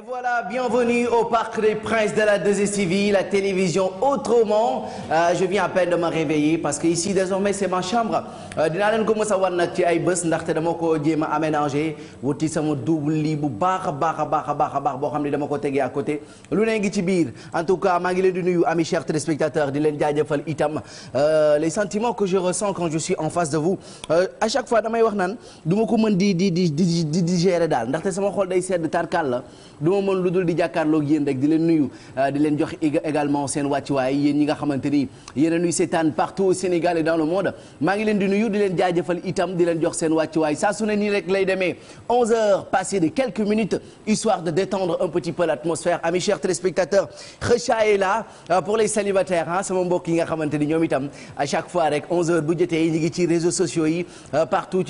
Et voilà, bienvenue au Parc des Princes de la 2STV, la télévision autrement. Euh, je viens à peine de me réveiller parce que ici désormais c'est ma chambre. Euh, dinaa leen ko mos a wan nag ci ay bés ndaxte dama ko jéem a aménager wuti sama double lit bu baax a baax a baax a baax a baax boo xam ne dama ko tegee à côté. lu ne ngi ci biir en tout cas maa ngi leen di nuyu amis chers téléspectateurs di leen jaajëfal itam euh, les sentiments que je ressens quand je suis en face de vous euh, à chaque fois damay wax naan du ma ko mën di di di di di gérer daal ndaxte sama xol day sedd tarkal la. du ma mën lu dul di jàkkaarloog yéen rek di leen nuyu euh, di leen jox également seen wàccuwaay yéen ñi nga xamante ni yéen a nuy seetaan partout au Sénégal et dans le monde maa ngi leen di nuyu di leen jaajëfal itam di leen jox seen wàccuwaay saa su ne nii rek lay demee 11 heures de quelques minutes histoire de détendre un petit peu l'atmosphère amis chers téléspectateurs Kheucha est là euh, pour les célibataires ah sama mbokk yi nga xamante ni ñoom itam à chaque fois rek 11 heures bu jotee yi euh, partout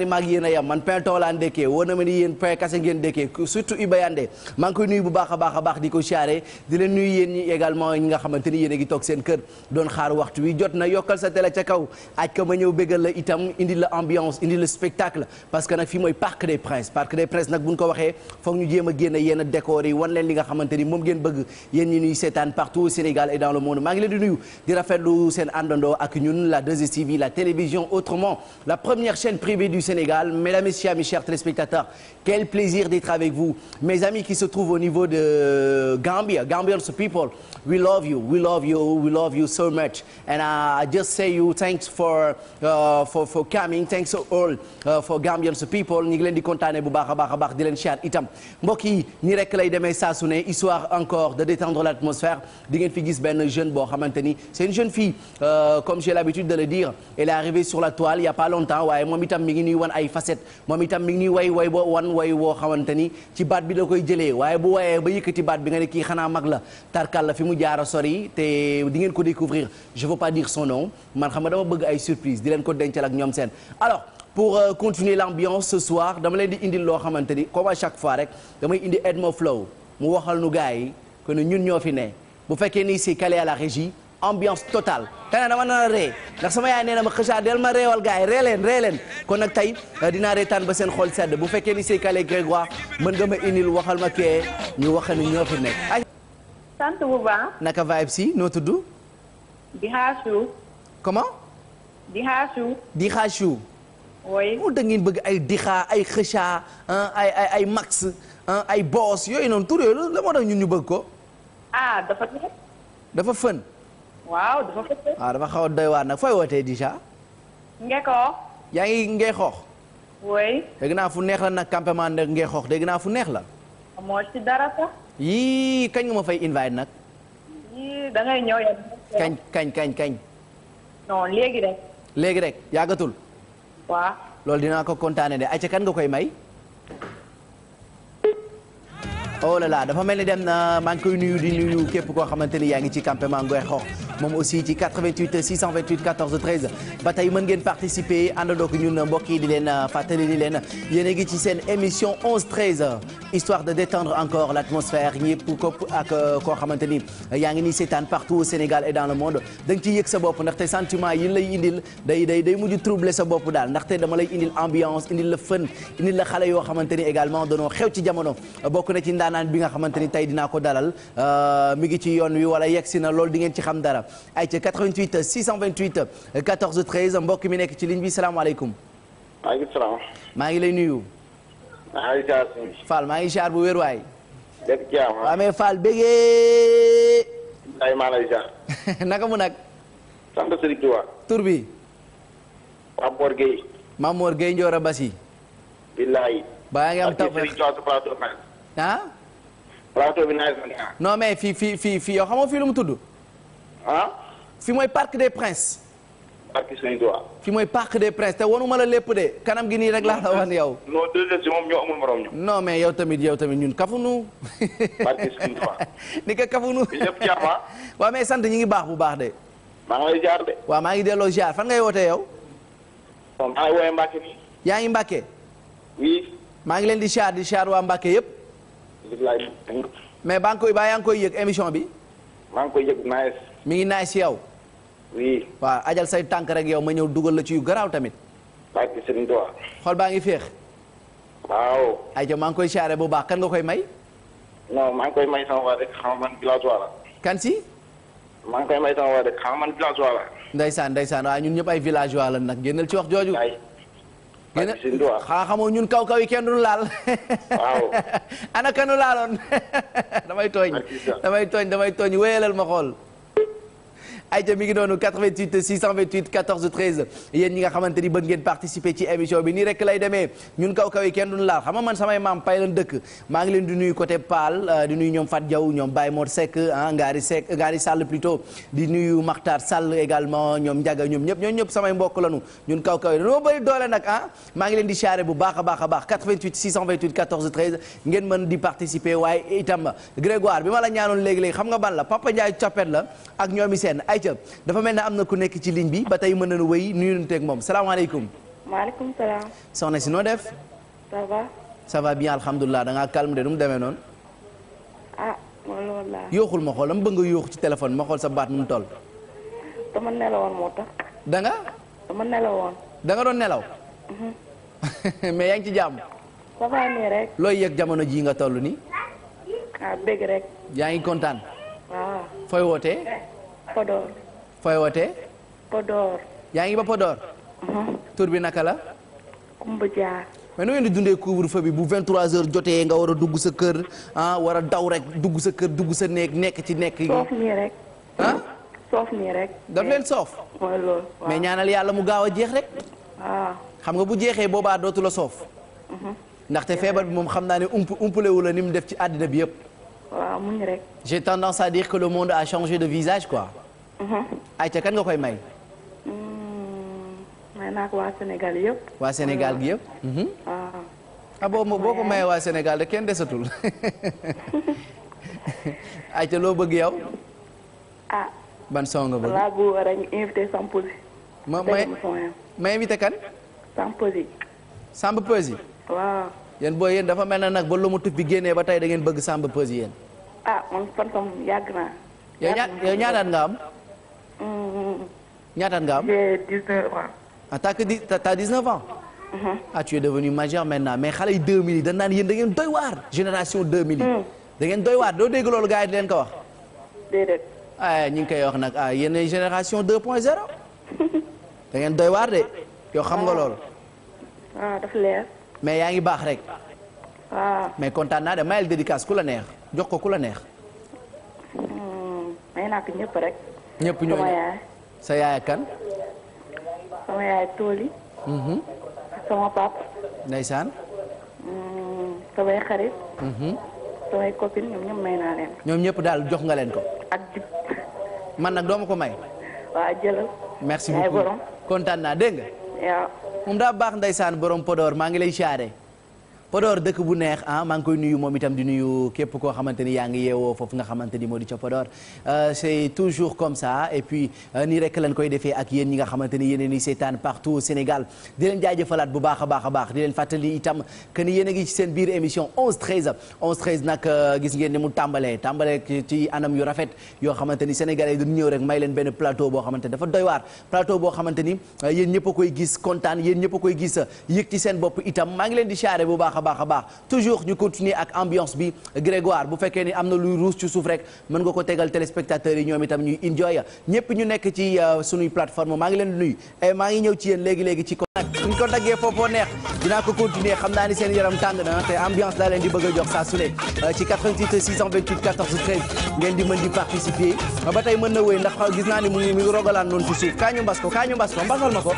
ni maag yéen a yem man pain toolaan dëkkee na ma ni yéen kase ngeen dëkkee surtout Ibayande maa ngi koy nuyu bu baax baax baax di ko siyaare di leen nuyu yéen également ñi nga xamante ni yéen toog seen kër doon xaar waxtu wi jot na yokkal sa télé ca kaw aj ka ma ñëw béggal la itam indi la ambiance indi la spectacle fii mooy Parc des Princes Parc des Princes nag buñ partout au Sénégal et dans le monde maa ngi leen di nuyu di rafetlu seen àndandoo ak ñun la 2STV la télévision autrement la première du Sénégal. Mesdames, Messieurs, mes chers téléspectateurs, quel plaisir d'être avec vous. Mes amis qui se trouvent au niveau de Gambia, Gambians people, we love you, we love you, we love you so much. And I just say you thanks for uh, for for coming, thanks all uh, for Gambians people. ñu ngi leen di kontaane bu baax a baax baax di leen siyaat itam mbokk yi nii rek lay demee saa ne histoire encore de détendre l'atmosphère di ngeen fi gis benn jeune boo xamante ni c'est une jeune fille euh, comme j'ai l'habitude de le dire elle la toile ñuy wan ay moom itam mi ngi ñuy way way boo wan way woo xamante ni ci baat bi da koy jëlee waaye bu wayee ba yëkkati baat bi nga ne kii xanaa mag la tarkal la fi mu jaara sori te di ngeen ko découvrir je veux pas dire son nom man xam ma dama bëgg ay surprise di leen ko dencal ak ñoom seen alors pour euh, continuer l'ambiance ce soir dama leen di indil loo xamante ni comme a chaque fois rek damay indi Edmo Flow mu waxal nu gars yi que ñun ñoo fi ne bu fekkee ni si calé à la ambiance total te ne dama nar a ree ndax sama yaay nee ma xëcaa del ma reewal gars yi ree kon nag tey euh, dinaa reetaan ba seen xol sedd bu fekkee ni Sey Kale Grégoire mën nga ma indil waxal ma kee ñu waxa ni ñoo nekk. sant si noo tudd. di xaasu. bëgg ay dixaa ay xëcaa ay max ay boos yooyu noonu tur yooyu la moo tax ñun ñu bëgg ko. Ah, dafa fën. waaw dafa ah, fekk. xaw a doy waar nag fooy wootee ngi Ngexoox. oui. dégg naa fu neex la nag campement de Ngexoox dégg naa fu neex la. moo ci dara kañ fay invite nag. da kañ kañ kañ kañ. non léegi rek. yàggatul. waaw. loolu dinaa ko kontaane de ayca kan nga koy may. oh là dafa mel ni dem na maa ngi koy nuyu di nuyu képp koo xamante ni yaa ngi ci campement Ngexoox. moom aussi ci 88 628 14 13 ba tey mën ngeen participer àndandoo ak ñun mbokk yi di leen euh, fàttali di leen yéen a ci seen émission 11 13 histoire de détendre encore l'atmosphère ñëpp kopp ak euh, xamante ni yaa ngi ni seetaan partout au Sénégal et dans le monde da nga ciy sa bopp ndaxte sentiment yi lay indil day day day mujj troubler sa bopp daal ndaxte dama lay indil ambiance indil la fën indil la xale yoo xamante ni également doonoo xew ci jamono bokk na ci ndaanaan bi nga xamante ni tey dinaa ko dalal euh, mi ngi ci yoon wi wala yegg si na loolu di ngeen ci xam dara ay ca 88 628 14 13 mbokk mi nekk ci ligne bi salaamaaleykum. maaleykum maa ngi lay nuyu. maa ngi ziar. Fall maa ngi ziar bu wér waay. dëgg jàmm waaw mais naka mu nag. sant Serigne Touba. tur bi. Mamor Gueye. Mamor Gueye ngi am taw fex ah. plateau bi naaj non mais fii fii fii fii xam fii lu mu tudd. ah. fi mooy parc des princes. parc Saint-Dois. fi mooy parc des de kanam gi nii rek la wan yow. non deux moom yow tamit yow tamit ñun kafunu. parc ni ko kafunu. ñëpp jaama. Ah. waaw mais sant ñi ngi baax bu baax de. maa ngi lay jaar de. waaw maa ngi delloo jaar fan ngay wootee yow. moom maa ngi yaa ngi Mbacke. maa ngi leen di char di char waa Mbacke yëpp. mais baa ngi koy baa yaa ngi koy yëg émission bi. maa ngi koy yëg nice. mi ngi naay si yow. oui. ajal say tànk rek yow ma ñëw dugal la ci yu garaaw tamit. xool baa ngi féex. waaw. ayca maa ngi koy siyaare bu baax kan nga koy may. non maa koy may sama waa rek xam man villageois la. kan si. maa ngi koy waa rek xam man villageois ñun ñëpp ay villageois la nag génnal ci wax jooju. gën xaa xamoo ñun kaw kaw yi kenn du laal. waaw. ana kanu laaloon damay tooñ. damay tooñ damay tooñ wéyalal ma xool. ay jëm ngi noonu 88 628 14 13 yéen ñi nga xamante ni bëgg ngeen participer ci émission bi nii rek lay demee ñun kaw kaw yi kenn duñu laal xam nga man samay maam pay lan dëkk maa ngi leen di nuyu côté Paal euh, di nuyu ñoom Fat Diaw ñoom Baye Mor Seck ah Ngari Seck Ngari Sall plutôt di nuyu Makhtar Sall également ñoom Ndiaga ñoom ñëpp ñoom ñëpp samay mbokk lañu ñun kaw kaw yi dañoo bëri doole nag ah maa ngi leen di charré bu baax a baax a baax 88 628 14 13 ngeen mën di participer waaye itam Grégoire xam nga ban la Papa Ndiaye ay ayca dafa mel ne am na ku nekk ci ligne bi ba tey mën nañu wéy nuyuwanteeg moom salaamaaleykum. maaleykum soxna si noo def. ça va. alhamdulilah da ngaa calme de nu mu demee noonu. ah yooxul ma xool dama bëgg nga yooxu ci téléphone ma xool sa baat nu mu toll. dama nelawoon tax. da nga. dama nelawoon. da doon nelaw. Mhm. mais yaa ngi ci jàmm. ça va looy yëg jamono jii nga toll nii. ah bëgg rek. yaa ngi kontaan. fooy wootee. Eh. Podor. fooy wootee. Podor. yaa ngi ba Podor. Uh-huh. tur bi naka la. Kumba Jaar. mais nu di dundee couvre-feu bi bu 23h jotee nga war a dugg sa kër ah war a daw rek dugg sa kër dugg sa néeg nekk ci nekk. soof nii rek. Ah? soof nii rek. daf leen soof. mooy mais ñaanal yàlla mu gaaw a jeex rek. waaw ah. xam nga bu jeexee boobaa dootula soof. Uh-huh. ndaxte feebar bi moom xam naa ne ump umpalewu ni mu def ci àddina bi yëpp. waaw muñ rek. j'ai tendance à dire que le monde a changé de visage quoi. Mhm. ayca kan nga koy may. Hmm, may naa ko waa Sénégal yëpp. waa Sénégal gi yëpp. waaw. Mhm. ah boobu boo ko mayee waa Sénégal de kenn desatul. ayca loo bëgg yow. ah. ban son nga bëgg. laa bu war a invité Samposi. ma may ma invité kan. Samposi. Samposi. waaw. yéen booy yéen dafa mel ne nag ba lu mu tuf bi génnee ba tey da ngeen bëgg Samba Peuzzi yéen. ah man fan sam yàgg naa. yow ñaataat nga am. Mm. ñaataat nga am. j'ai 19 ans. ah dix t'as 19 ans. Mm-hmm. ah tu es devenu majeur mais xale yi 2000 yi dañ naan yéen da ngeen doy waar génération 2000 yi. Mm. da ngeen doy waar doo dégg loolu gars yi leen ko wax. déedéet. ah ñu ngi koy wax nag ah yéen ay génération 2.0. da ngeen doy waar de yow xam nga lool ah, mais yaa ngi baax rek. waaw ah. mais kontaan naa de mayel dédicace ku la neex jox ko ku la neex. Hmm, may naa ko ñëpp rek. ñëpp ñooñu sama yaay. sa yaay kan. sama mhm. hmm, mhm. ñoom ñëpp may naa ñoom ñëpp daal jox nga leen ko. ak jub. man nag doo ko may. waaw jëlal. merci beaucoup yaay naa dégg nga. moom daa baax ndeysaan borom Podor maa ngi lay Podor dëkk bu neex ah maa ngi koy nuyu moom itam di nuyu képp koo xamante ni yaa ngi yeewoo foofu nga xamante ni moo di ca Podor euh, c'est toujours comme ça et puis euh, nii rek lañ koy defee ak yéen ñi nga xamante ni yéen a ngi seetaan partout au Sénégal di leen jaajëfalaat bu baax a baax a baax di leen fàttali itam yéen a ngi seen biir émission 11 13 11 13 nag euh, gis ngeen ni mu tàmbalee tàmbalee ci anam yu rafet yoo xamante ni Sénégalais dañu ñëw rek may leen benn plateau boo xamante ni dafa doy waar plateau boo xamante ni yéen ñëpp koy gis kontaan yéen ñëpp koy gis seen bopp itam maa ngi leen di xaare bu baax a baax a baax toujours ñu continuer ak ambiance bi Grégoire bu fekkee ni am na luy ruus ci suuf rek mën nga ko tegal téléspectateurs yi ñoom itam ñuy enjoy ñëpp ñu nekk ci euh, sunuy plateforme maa ngi leen nuyu eh, maa ngi ñëw ci yéen léegi léegi ci ko nag ko daggee foofoo neex dinaa ko continuer xam naa ni seen yaram tàng na te ambiance laa leen di bëgg a jox saa su euh, ci 88 628 14 rogalaan noonu ci suuf kaa ñu mbas ko mbasal ma ko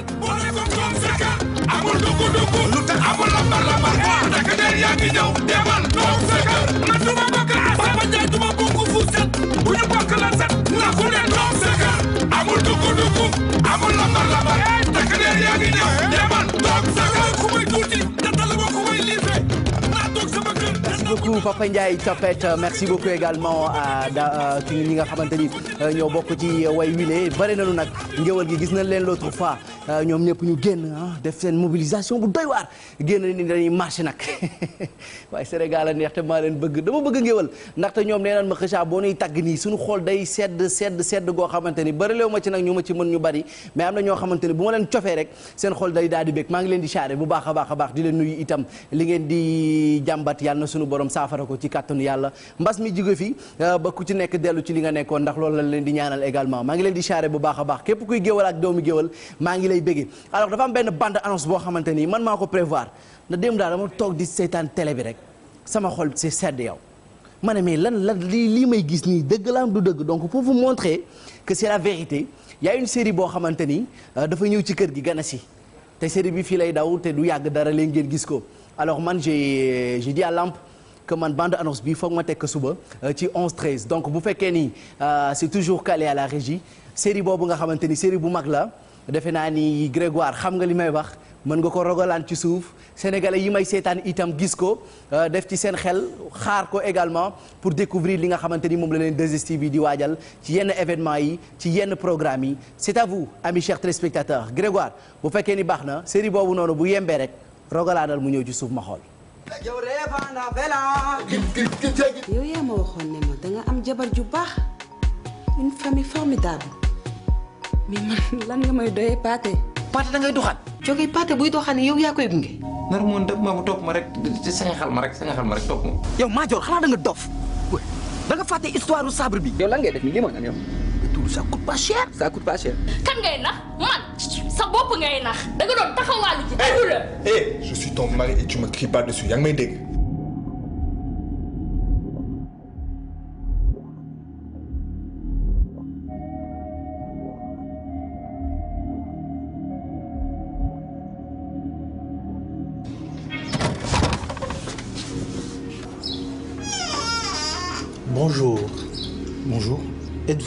amul dugg dugg lu tax amul lambar lambar takk der yaa ngi ñëw demal toog sa kër man du ma bokk asaba jaay du ma fu set bu ñu bokk la set na ku ne toog amul dugg dugg amul lambar lambar takk der yaa ngi ñëw beaucoup Papa Ndiaye Tapet euh, merci beaucoup également à da euh, ki ñi nga xamante ni euh, ñoo bokk ci way wile bare nañu nag ngéwal gi gis nañ leen l'autre fois ñoom ñëpp ñu génn ah, def seen mobilisation bu doy waar génn ni dañuy marché nag waaye Sénégal a neex te maa leen bëgg dama bëgg ngéwal ndaxte ñoom nee naan ma xëcca boo nuy tagg nii suñu xool day sedd sedd sedd goo xamante ni bëri leew ma ci nag ñu ma ci mën ñu bari mais am na ñoo xamante ni bu ma leen cofee rek seen xool day daal di bég maa ngi di xaare bu baax baax a baax di leen nuyu itam li ngeen di jàmbat yàlla na borom saafara ko ci kàttanu yàlla mbas mi jóge fi euh, ba ku ci nekk dellu ci li nga nekkoon ndax loolu la leen di ñaanal également maa ngi leen di xaare bu baax a baax képp kuy géwal ak doomu géwal maa ngi lay bëggee alors dafa am benn bande annonce boo xamante ni man maa ko prévoir na dem daal dama toog di seytaan tele bi rek sama xol si sedd yow ma ne mais lan lan lii lii may gis nii dëgg la am du dëgg donc foofu vous montrer que c'est la vérité y série boo xamante ni euh, dafa ñëw ci kër gi gana si te série bi fii lay daw du yàgg dara leen ngeen gis ko alors man j'ai j'ai Lamp que man bande annonce bi foog ma tekk suba euh, ci 11 13 donc bu fekkee ni euh, c'est toujours calé à la régie série boobu nga xamante ni série bu mag la defe naa ni Grégoire xam nga li may wax mën nga ko rogalaan ci suuf sénégalais yi may seetaan itam gis ko euh, def ci seen xel xaar ko également pour découvrir li nga xamante ni moom la leen 2STV yi di waajal ci yenn événement yi ci yenn programme yi c'est à vous amis chers téléspectateurs Grégoire bu fekkee ni baax na série boobu noonu bu yembee rek rogalaanal mu ñëw ci suuf ma xool yow ree naa bela yow yaa ma waxoon ne danga am jabar ju baax une famille formidable mais man lan nga may doyee paate paate dangay doxaan jóge paate buy doxaan yow yaa koy gunge nar moon def ma topp ma rek sanga ma rek sanga xal ma rek topp ma yow maa joor xanaa da nga dof da nga histoire u sabre bi yow lan ngay def ni lii mooy lan tout ça coûte pas cher. ça coûte pas cher. kan ngay man sa bopp ngay nax da nga doon je suis ton mari et tu me cries pas may dégg.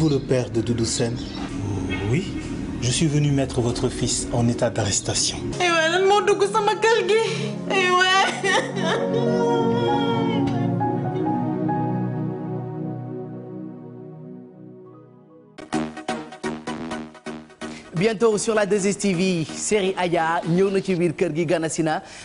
vous le père de Doudou Sen euh, Oui, je suis venu mettre votre fils en état d'arrestation. Eh ouais, lan moo dugg sama kër gi. Eh ouais. bientôt sur la 2STV série Aya na ci biir kër gi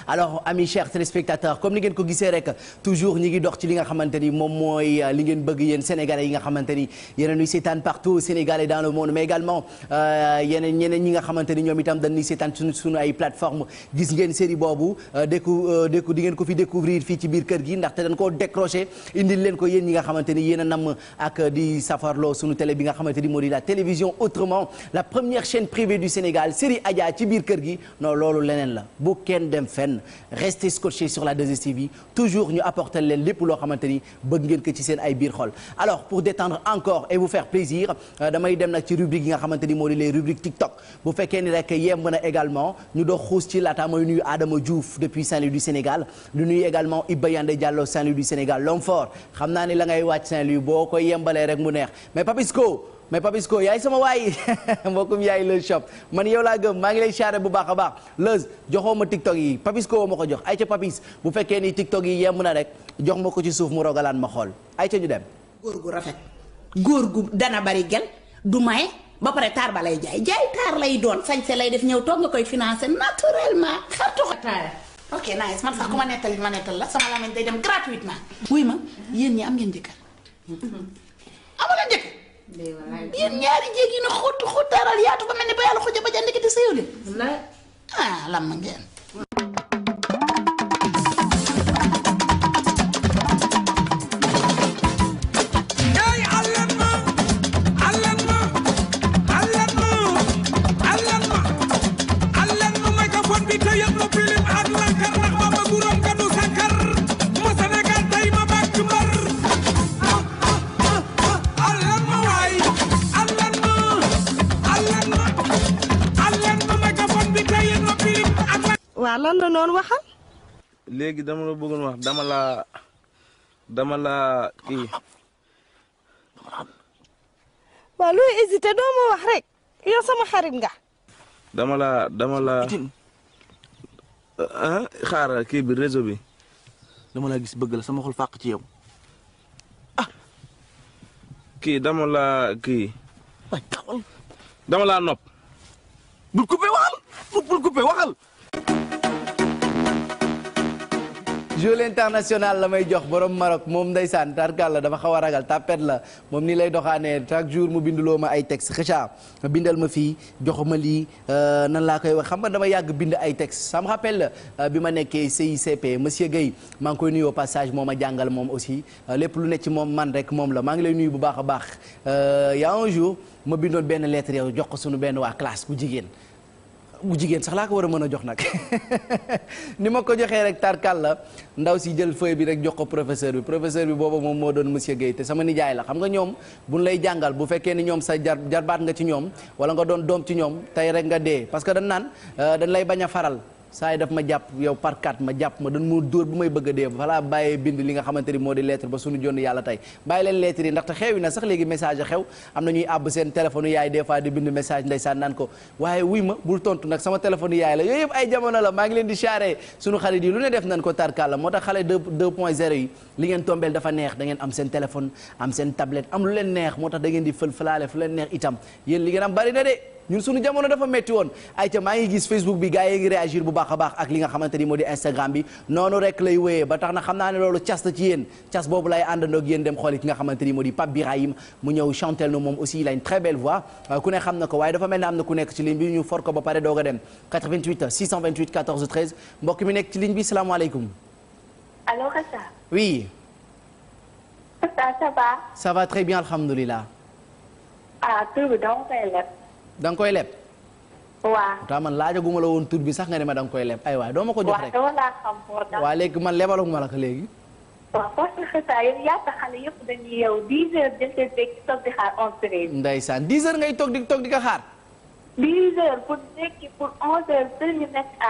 alors amis chers téléspectateurs comme ni ngeen ko gisee rek toujours ñi ngi dox ci li nga xamante ni moom mooy euh, li ngeen bëgg yéen sénégalais yi nga xamante ni yéen a ñuy seetaan partout sénégalais dans le monde mais également euh, yeneen ñeneen ñi nga xamante ni ñoom itam dañuy seetaan suñu suñu ay plateforme gis ngeen série boobu euh, décou di ngeen ko fi découvrir fii ci biir kër gi ndaxte dañ koo décroché indil leen ko yéen ñi ni yéen a namm ak di safarloo suñu télé bi nga ni moo di la télévision chaîne privée du Sénégal série Adja ci biir kër gi non loolu leneen la bu kenn dem fenn restez scotché sur la 2STV toujours ñu apporter leen lépp loo xamante ni bëgg ngeen ko ci seen ay biir xol alors pour détendre encore et vous faire plaisir euh, damay dem nag ci rubrique yi nga xamante ni moo di les rubriques TikTok bu fekkee ni rek yemb na également ñu dox xuus ci laata mooy nuyu Adama Diouf depuis Saint-Louis du Sénégal du nuyu également Iba Yande Diallo Saint-Louis du Sénégal l'homme fort xam naa ni la ngay wàcc boo koy yembalee rek mu mais Papisco yaay sama waay mbokkum yaay Leuz Shop man yow laa gëm maa ngi lay siyaare bu baax a baax Leuz joxoo ma TikTok yi Papisco ma ko jox ay ca Papis bu fekkee ni TikTok yi yem na rek jox ma ko ci suuf mu rogalaan ma xool ay ca ñu dem. góor gu rafet góor gu dana bari gel du maye ba pare taar ba lay jaay jaay taar lay doon sañse lay def ñëw toog nga koy financé naturellement xartu xataaya ok nice man sax ku ma nettali ma nettal la sama làmmiñ day dem gratuitement. wuy ma ñi am ngeen jëkkër mm-hmm. yéen ñaari jéeg yi na xóotu xóotaaral yaatu ba mel ne ba yàlla a ba jànd ki di sëyule ah lam ngeen noonu waxal. léegi dama la bëggoon wax dama la dama la kii. waaw looy hésité wax rek yow sama xarit nga. dama la dama la. ah xaaral kii bi réseau bi. dama la gis bëgg la sama xol fàq ci yow. ah. kii dama la kii. dama la nopp. bul waxal bul waxal. jour l'international la may jox borom Maroc moom ndeysaan tarkal la dama xaw a ragal tapet la moom nii lay doxaanee chaque jour mu binduloo ma ay texte xëca bindal ma fii joxuma lii euh, nan laa koy wax xam nga dama yàgg bind ay texte sama me rappelle euh, bi ma nekkee CICP monsieur Guèye maa ngi koy nuyoo passage moom a jàngal moom aussi euh, lépp lu ne ci moom man rek moom la maa ngi lay nuyu bu baax a baax y a un jour ma bindoon benn lettre yow jox ko sunu benn waa classe bu jigéen bu jigéen sax laa ko war a mën a jox nag ni ma ko joxee rek tarkal la ndaw si jël feuille bi rek jox ko professeur bi professeur bi boobu moom moo doon monsieur Guèye te sama nijaay la xam nga ñoom bu buñ lay jàngal bu fekkee ni ñoom sa jar jarbaat nga ci ñoom wala nga doon doom ci ñoom tey rek nga dee parce que dañ naan euh, dañ lay bañ a faral saa yi daf ma jàpp yow par quatre ma jàpp ma dañ moo dóor bu may bëgg a dee voilà bàyyee bind li nga xamante ni moo di lettre ba suñu jonn yàlla tey bàyyi leen lettre leen tax tombeel dafa neex da ngeen am seen téléphone am seen tablette am lu leen neex moo tax da di fël falaale fu leen neex itam yéen li ngeen am bari de ñun suñu jamono dafa metti woon ayca maa ngi gis Facebook bi gars yi ngi réagir bu baax a baax ak li nga xamante ni moo di Instagram bi noonu rek lay wéyee ba tax na xam naa ne loolu cas ci yéen cas boobu lay àndandoo ak yéen dem xooli ki nga xamante ni moo di Pape Birahim mu ñëw chantel nu moom aussi il a une très belle euh, ku ne xam na ko waaye dafa mel ne am na ku nekk ci ligne bi ñu for ko ba pare doog a dem 88 628 14 13 mbokk mi nekk ci ligne bi salaamaaleykum. allo Kheucha. oui. ça ça va. ça va très bien alhamdulilah. ah tur bi dama danga koy leb. waaw taa man laajaguma la woon tur bi sax nga ne ma danga koy leb ay waay dooma ko jox rek waa léegi man lebalaguma la ko léegi. waaw parce que saa yow di xaar ngay toog di toog di ko xaar. 10 heures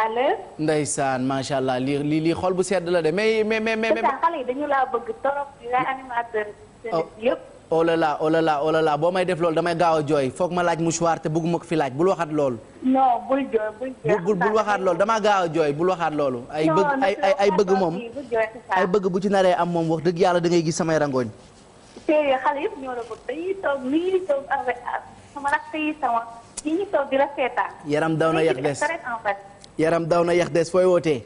allah lii lii lii xol bu sedd la de mais mais mais mais. xale yi dañu laa bëgg trop. animateur oh. yëpp. Oh, oh là là oh là là boo may def loolu damay gaaw a jooy foog ma laaj mouchoir te bëgguma ko fi laaj bul waxaat loolu. non waxaat loolu damaa gaaw a jooy bul waxaat loolu. ay bëgg bëgg moom ay bëgg bu ci naree am moom wax dëgg yàlla da ngay gis sama yaram daw na yax des yaram daw na yax des fooy wootee.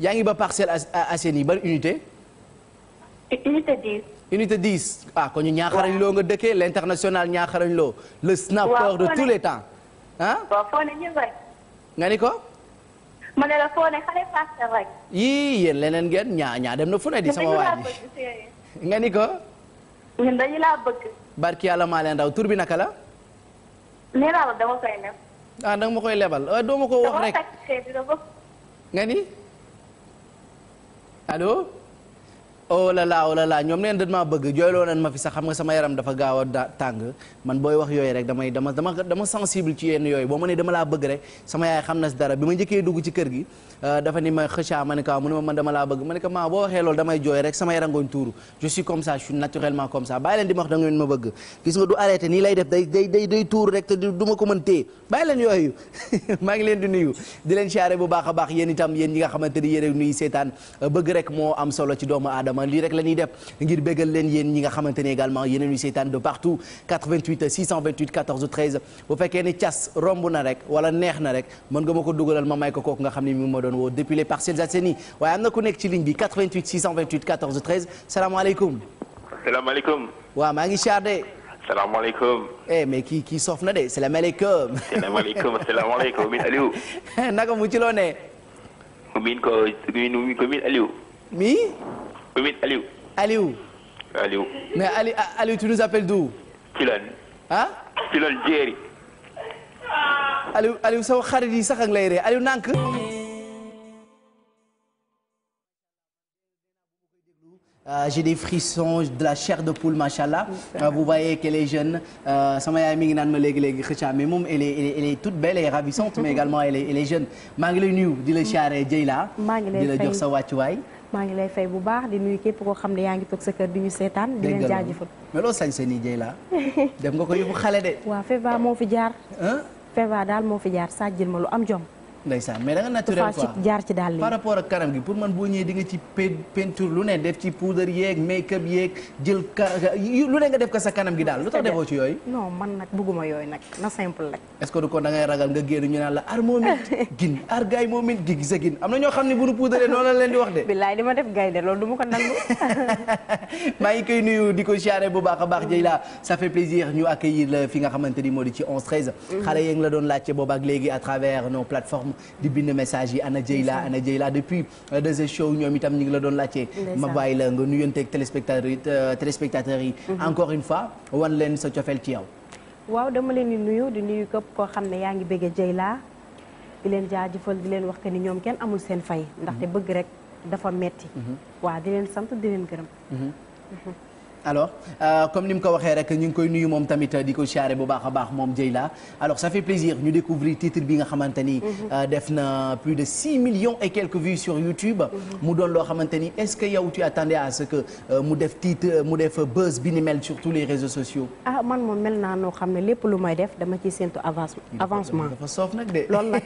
yaa ngi ba parcel Assainies. yaa ngi ba Parcelles unité 10. unité 10 ah kon ñu loo nga dëkkee l' international ñaaxarañ loo. tous les temps. ah nga ni ko. ma ne la foo xale Fass rek. yii yéen leneen gen ñaa ñaa dem na fu ne di sama waa nga ni ko. ñun barki yàlla maa leen raw tur naka la. naa la dama ah danga ma koy lebal ah, doo ma ko wax rek. nga ni allo. oh la la oh la la ñoom neen dañ maa bëgg jooyloo nañ ma fi sax xam nga sama yaram dafa gaaw a tàng man booy wax yooyu rek damay dama dama dama sensible ci yenn yooyu boo ma ne dama laa bëgg rek sama yaay euh, mu ne dama laa bëgg ma ne ko maa boo waxee loolu damay jooy rek sama yaram nga du arrêté ngi leen di nuyu di leen siyaare bu baax a baax yéen itam yéen ñi nga xamante ni yéen nuyu seetaan bëgg rek moo am solo ci doomu aadama évidemment lii rek la ñuy def ngir bégal leen ñi nga xamante ne également yeneen ñuy seetaan de partout 88 628 cas romb na rek wala neex na rek mën nga ma ko dugalal ma may ko kooku nga xam ne mi ngi ma doon woo depuis les Parcelles Assainies waaye am na ku nekk ci ligne bi 88 628 14 13 salaamaaleykum. salaamaaleykum. waaw maa ngi chardé. Eh, na de salaamaaleykum. salaamaaleykum salaamaaleykum min Aliou. naka ci loo ne. min Oui, Aliou. Aliou. Aliou. mais Ali ah, Aliou tu nous appelles d'où? Filane. ah. Filane Jéeri. Aliou Aliou sama xarit yi sax ak lay ree Aliou nànk. Euh, ah, j'ai des frissons de la chair de poule machallah euh, ah, vous voyez qu'elle est jeune sama yaay mi ngi naan ma léegi léegi xëcca mais moom elle est elle est, elle est toute belle et ravissante mais également elle est jeune maa ngi lay nuyu di la mm. siyaare Dieyla. maa ngi lay di la jox sa wàccuwaay. maa ngi lay fay bu baax di nuyu képp koo xam ne yaa ngi toog sa kër di ñu seetaan. di leen jaajëfal mais loo sañ seen i jëy laa dem nga ko yóbbu xale de. waaw Feva moo fi jaar. Feva daal moo fi jaar sàjjil ma lu am jom. ndeysaan mais da nga naturel quoi jaar ci dàll par rapport ak kanam gi pour man boo ñëwee di nga ci peinture lu ne def ci poudre yeeg make up yeeg jël ka lu ne nga def ko sa kanam gi daal lu tax defoo ci yooyu. no man nag bëgguma yooyu nag na simple rek. est-ce que du ko da ragal nga génn ñu naan la ar gin ar gaay moo sa gin am na ñoo xam ne bu nu poudree noonu la leen di wax de. billaay li ma def gaynde loolu du ma ko nangu. maa ngi koy nuyu di ko siyaare bu baax a baax Dieyla mm-hmm. ça fait plaisir ñu accueillir la nga xamante ni moo di ci 11 13. Mm-hmm. xale yeeg la doon ferme di bind message yi ana jëy laa ana jëy laa depuis euh, deux show ñoom itam ñu ngi la doon laajte ma bàyyi la nga yi euh, mhm. encore une fois wan leen sa cofeel ci yow waaw dama leen di nuyu di nuyu këpp koo xam ne yaa ngi bëgg a jëy laa di leen jaajëfal di leen wax que ni ñoom kenn amul seen fay te mhm. bëgg rek dafa metti mhm. waa di leen sant di leen gërëm alors euh, comme ni mu ko waxee rek ñu ngi koy nuyu moom tamit di ko siyaare bu baax a baax moom Dieyla alors ça fait plaisir ñu découvrir titre bi nga xamante ni. Mhm. Euh, def na plus de six millions et quelques vues sur YouTube. Mhm. mu doon loo xamante ni est-ce que yow tu attendais à ce que euh, mu def titre mu def buzz bi ni mel sur tous les réseaux sociaux. ah man moom mel naa noo xam ne lépp lu may def dama ciy séntu avancement. dafa soof nag de. loolu la.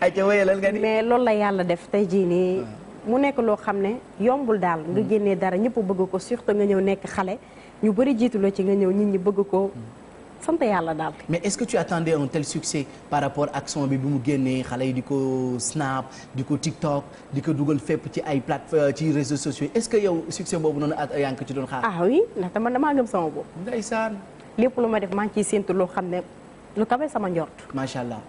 ayca wéyalal mais loolu la yàlla def tey jii nii. Ah. mu nekk loo xam ne yombul daal nga mm. génnee dara ñëpp bëgg ko surtout nga ñëw nekk xale ñu bëri jiitu la ci nga ñëw nit ñi bëgg ko mm. sant yàlla daal. mais est-ce que tu attendais un tel succès par rapport ak son bi bu mu génnee xale yi di ko snap di ko TikTok di ko dugal fépp ci ay plateformes euh, ci réseaux sociaux est-ce que yow succès boobu noonu ak yaa ngi ko ci doon xaar. ah oui ndax man damaa gëm sama bopp. ndeysaan. lépp lu ma def maa ngi ciy séntu loo xam ne. lu kawe sama njort. macha allah.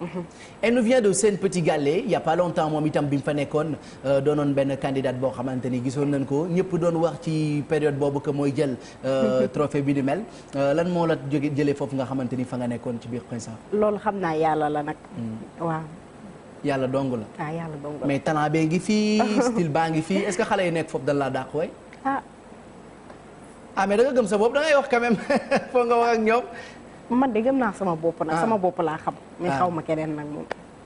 elle nous de Sen Petit Gallé il y a pas longtemps moom itam bi mu fa nekkoon euh, doonoon benn candidate boo xamante ni gisoon nañ ko ñëpp doon wax ci période boobu que mooy jël. Euh, trophée bi ni mel euh, lan moo la jóge jëlee foofu nga xamante ni fa nga nekkoon ci biir Prince loolu xam naa yàlla la nag. Mm. waaw. yàlla dong la. ah yàlla dong la mais talent bee ngi fii style baa ngi fii est-ce que xale yi nekk foofu dañ laa dàq ah. ah mais da gëm sa da ngay wax quand même foog nga wax ak man de gëm naa sama bopp nag ah. sama bopp laa xam mais ah. xaw ma keneen nag moom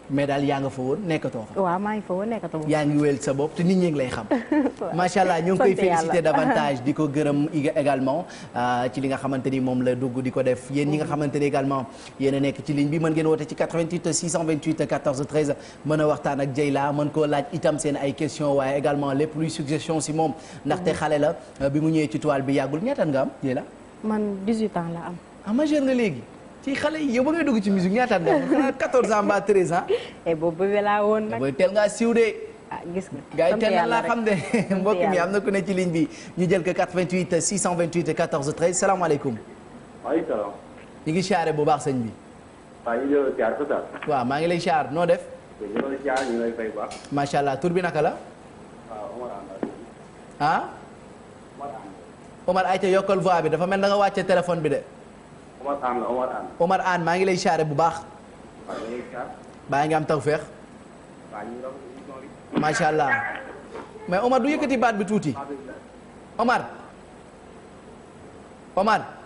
mais daal yaa nga fa woon nekkatoo fa waaw maa ngi fa woon nekkatoo yaa ngi sa bopp te nit ngi lay xam macha allah ñoo ngi koy féliciter davantage di ko gërëm également ah, ci li nga xamante ni moom la dugg di ko def yéen ñi nga mm-hmm. xamante ni également yéen a nekk ci ligne bi mën ngeen woote ci 88 628 14 13 mën a waxtaan koo laaj itam seen ay question waaye également lépp luy suggestion si moom ndaxte mm-hmm. xale la bi mu ñëwee ci toile bi yàggul ñaata nga am Dieyla man 18 ans la am ah majeur nga léegi ci xale yi dugg ci musique ñaata at nga xanaa ah, 14 ans ba 13 ans. et boobu bébé woon nag. booy teel ngaa siiw de. ah gis nga gars yi teel mi am na ku ne ci ligne bi ñu jël ko 88 628 14 13 salaamaaleykum. maaleykum salaam. ñu ngi siyaare bu baax sëñ bi. waaw ñu ngi doon maa ngi lay siyaar noo def. ñu ngi siyaar bi naka la. waaw Omar Anda. ah. Omar Anda. Omar ayca yokkal voix bi dafa mel na nga wàcce téléphone bi de. Omar Aan la Omar Aan. Omar Aan maa ngi lay siyaare bu baax. baa ngi am tawféex. macha allah. mais Omar du yëkkati baat bi tuuti. Omar. Omar.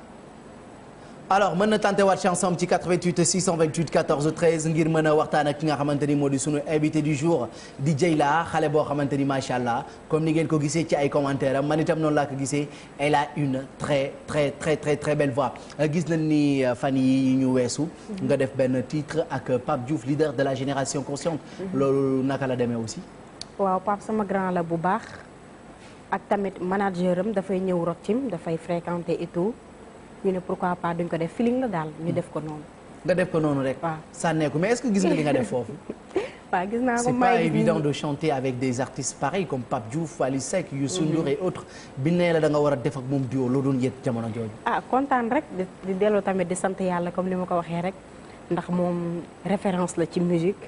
alors mën na tenté waat chance am ci 88 628 14 13 ngir mën a waxtaan ak nga xamante ni moo di sunu invité du jour di Dieyla xale boo xamante ni macha allah comme ni ko gisee ci ay commentaires man itam noonu laa ko gisee elle a une très très très très très belle voix euh, gis nañ ni euh, fan yi ñu weesu. nga def benn titre ak Pape Diouf leader de la génération consciente. loolu naka la demee aussi. waaw Pape sama grand la bu baax ak tamit manager am dafay ñëw Rotim dafay fréquenter et tout. ñu ne pourquoi pas duñ ko def feeling la daal ñu def ko noonu. nga def ko noonu rek. waaw sànneeku mais est-ce que gis na li nga def foofu. waaw gis naa ko maay c'est pas évident de chanter avec des artistes pareils comme Pape Diouf Wally Seck. Youssou mm-hmm. Ndour et autres bi war a def ak moom duo loo doon yéeg jamono jooju. ah kontaan rek di delloo tamit di sant yàlla comme li ma ko waxee rek ndax moom référence la ci musique.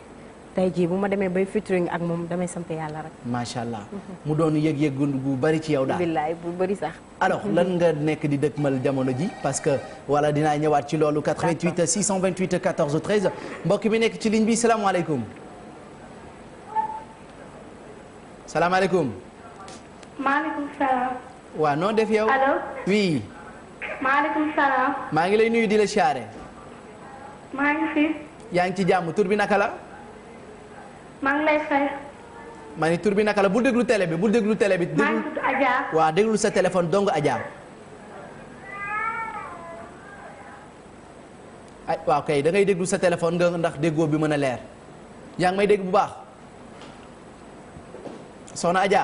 tey jii bu ma demee bay featuring ak moom damay sant yàlla rek. macha allah mhm. mu doon yëg-yëg gu bari ci yow daal. billaay bu bari sax. alors lan nga nekk di dëkkmal jamono ji parce que voilà dinaa ñëwaat ci loolu. 88 628 14 13 mbokk mi nekk ci ligne bi salaamaaleykum. salaamaaleykum. maaleykum salaam. waaw noo def yow. allo maa ngi lay nuyu di la siyaare. maa ngi fi. yaa ngi ci jàmm tur bi naka la. maa ngi tur bi naka la bul déglu télé bi bul déglu télé bi. maa ngi déglu sa téléphone dong Adja. ay waaw kay da ngay déglu sa téléphone nga ndax déggoo bi mën a leer yaa ngi may dégg bu baax soxna Adja.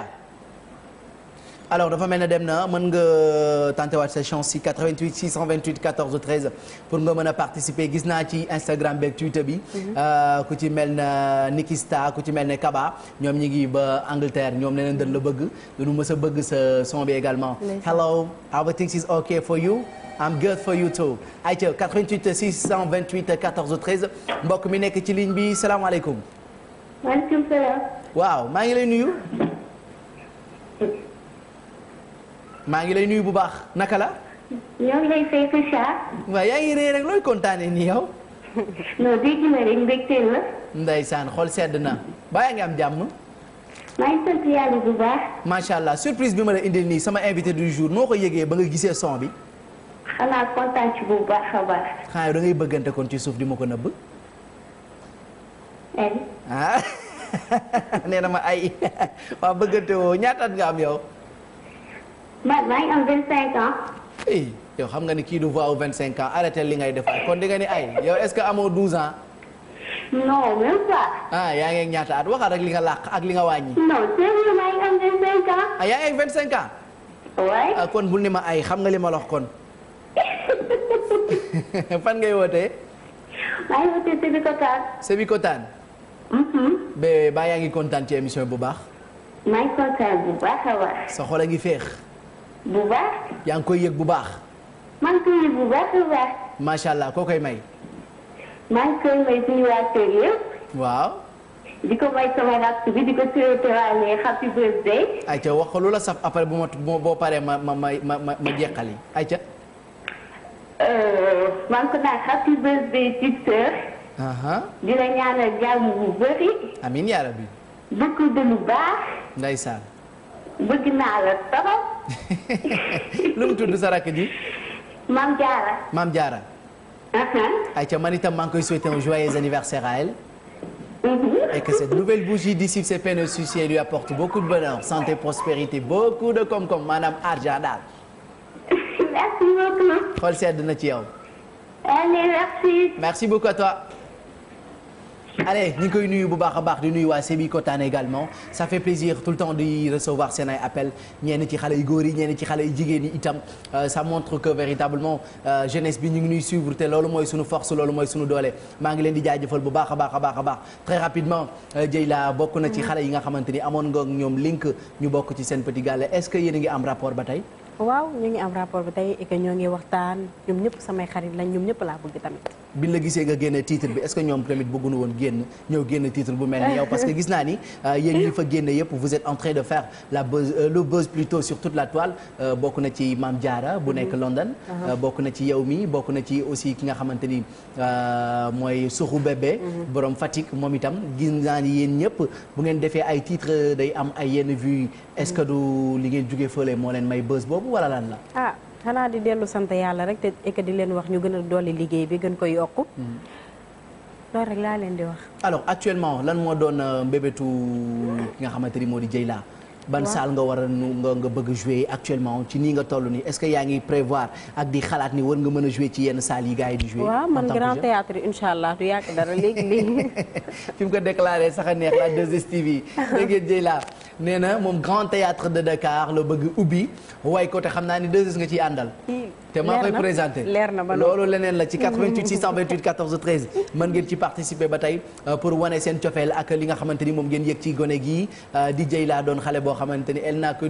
alors dafa mel ne dem na mën nga tenté waat sa chance si 88 628 14 13 pour nga mën a participer gis naa ci Instagram beeg bi. Mhm. Euh, ku ci mel ne Nikista ku ci mel ne Kaba ñoom ñi ngi ba Angleterre ñoom leneen dañ la bëgg dañu mës a bëgg sa son bi également. hello everything is okay for you. I'm good for you too. ayca 88 mbokk mi nekk ci ligne bi salaamaaleykum. maaleykum maa ngi lay nuyu. maa ngi lay nuyu bu baax naka la. ñoo yaa ngi rëy rek looy kontaanee nii yow. non dégg na rek mbégteel la. ndeysaan xol sedd na ba yaa ngi am jàmm. maa ngi sant yàlla bu baax. macha allah surprise bi ma la indil nii sama invité du jour noo ko yëgee ba nga gisee son bi. xanaa kontaan ci bu baax a baax. xanaa da ngay bëggante kon ci suuf di ma ko nëbb. ah na ma ay waa bëggante woo ñaataat nga am yow. man maa ngi am 25 ans. hey yow xam nga ni kii du voix au 25 ans arrêté li ngay defaat kon di nga ni ay yow est-ce que amoo 12 ans. ah yaa ngi ñaata at waxaat rek li nga làq ak li nga wàññi. non sérieux maa ngi am 25 ans. ah ah kon bul ni ma ay xam nga li ma la kon. fan ngay wootee. baa yaa ngi kontaan ci émission bu baax. maa ngi kontaan sa xol a ngi féex. bu baax. yaa ngi koy yëg bu baax. maa ngi koy yëg bu baax bu allah koo koy may. maa koy may suñu waa kër yëpp. waaw. di ko may sama la saf après bu ma boo paree ma ma ma ma ma jeexali ayca. Euh, maa ngi ko naan happy birthday sister. di la ñaanal jàmm bu bëri. amiin yaa rabbi. bëgg de lu baax. ndeysaan. bëgg naa la trop. lu mu tudd sa rakk ji. maam Diarra. maam Diarra. Uh-huh. ayca man itam maa ngi koy souhaiter un joyeux anniversaire à elle. Mm-hmm. et que cette nouvelle bougie dissipe ses peines et soucis et lui apporte beaucoup de bonheur santé prospérité beaucoup de koom-koom maanaam argent daal. merci beaucoup. xool sedd na ci yow. merci beaucoup à toi. allez ñu koy nuyu bu baax a baax di nuyu waa Sébikotane également ça fait plaisir tout le temps di recevoir seen ay appels ñenn ci xale yu góor yi ñenn ci xale yu jigéen yi itam euh, ça montre que véritablement euh, jeunesse bi ñu ngi nuy suivre te loolu mooy suñu force loolu mooy suñu doole maa ngi leen di jaajëfal bu baax a baax a baax a baax très rapidement euh, Dieyla bokk na ci xale yi nga xamante ni amoon nga ñoom link ñu bokk ci seen petit gàlle est-ce que ye ngi am rapport ba waaw ñu ngi am rapport bi tey et ñoo ngi waxtaan ñoom ñëpp samay xarit lañ ñoom ñëpp laa bëgg tamit bi la gisee nga génne titre bi est-ce que ñoom tamit bëgguñu woon génn ñëw génn titre bu mel ni parce que gis naa ni euh, yenn ñi fa génne yëpp vous êtes en train de faire la buzz euh, le buzz plutôt sur toute la toile euh, bokk na ci maam jaara bu nekk mhm. London uh-huh. bokk na ci yow mi bokk na ci aussi ki nga xamante ni mooy Sourou Bébé mhm. borom Fatick moom itam gis naa ni yéen ñëpp bu ngeen defee ay titre day am ay yenn vues est-ce que du li ngeen jugee moo leen may buzz boobu boobu wala lan la. ah xanaa di dellu sant yàlla rek te ek di leen wax ñu gën a dolli liggéey bi gën ko yokku. Hmm. loolu rek laa leen di wax. alors actuellement lan moo doon euh, mbébétu ki nga xamante ni moo di laa ban salle nga war a nga nga bëgg a actuellement ci nii nga toll nii est-ce que yaa ngi prévoir ak di xalaat ni war nga mën a jouer ci yenn salle yi gars yi di jouer waaw man grand théâtre incha allah du yàgg dara ko déclaré sax a neex la 2STV yi dégg moom grand théâtre de Dakar la bëgg ubbi way ko te xam naa ni 2S nga ciy àndal te maa koy présenté leer na loolu leneen la ci 88 628 14 13 mën ngeen ci participer ba tey euh, pour wane seen cofeel ak li nga xamante ni moom ngeen yëg ci gone gii euh, laa doon xale boo xamante ni elle n'a que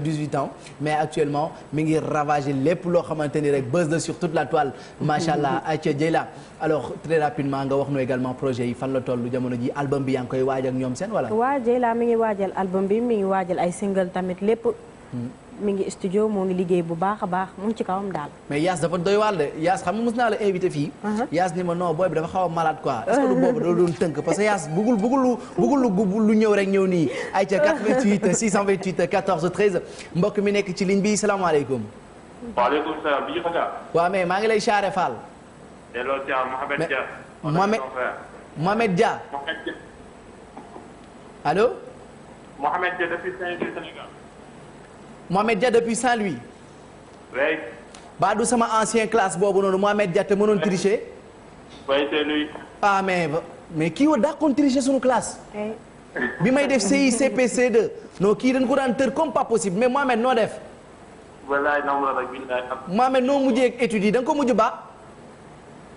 mais actuellement mi ngi ravager lépp loo xamante ni rek buzz la sur toute la toile macha allah ayca Dieyla alors très rapidement nga wax nu également projet yi fan la toll jamono ji album bi yaa ngi koy waaj ak ñoom wala. waaw Dieyla mi ngi waajal album bi mi ngi waajal ay single tamit lépp. Hmm. mi ngi studio moo ngi liggéey bu baax a baax mu ngi ci kawam daal. mais Yaas dafa doy waar de Yaas xam nga mos naa la invité fii. Uh-huh. Yaas ni ma non booy bi dafa xaw a malade quoi. est ce uh-huh. boobu doon tënk parce que Yaas bëggul bëggul lu bëggul lu ñëw rek ñëw nii. ay ca 88 628 14 mbokk mi nekk ci ligne bi salaamaaleykum. waaleykum salaam bi ñu ko taa. maa ngi lay charré Fall. delloo Thiam Mohamed Dia depuis Saint-Louis. ba du sama ancien classe boobu noonu Mohamed Dia te mënoon tricher. oui c'est lui. ah mais mais kii woon daa kon tricher sunu classe. bi may def CI CPC2 non kii dañ ko daan tër comme pas possible mais Mohamed noo def. la rek billaay Mohamed noo mujjee ak études yi ko mujj ba.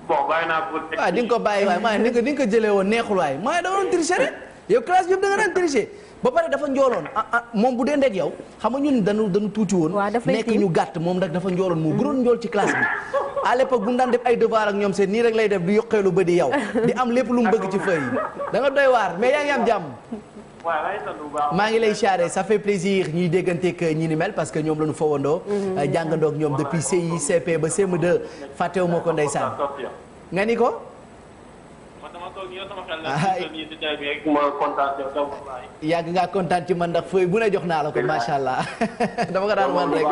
bon bàyyi naa ko. waaw ah, di nga ko bàyyi waay maa ni nga ko jëlee woon neexul waay maa da nga tricher rek yow classe bi yëpp da daan tricher. ba pare dafa njooloon ah, ah, moom bu dee ak yow xam nga ñun dañu dañu tuuti woon nekk ñu gàtt moom nag dafa njooloon moo gënoon njool ci classe bi à l'époque bu ñu daan def ay devoir ak ñoom seen nii rek lay def di yokkeelu ba di yow di am lépp lu mu bëgg ci feuille da doy waar mais yaa ngi am jàmm maa ngi lay charré sa fait plaisir ñuy dégganteeg ñi ni mel parce que ñoom la ñu fowandoo mhm. jàngandoo ñoom depuis CI CP ba CM2 fàttewu moo ko ndeysaan nga ni ko yàgg ngaa kontaan ci man ndax fooy bu ne jox naa la ko macha allah dama ko daan wan rek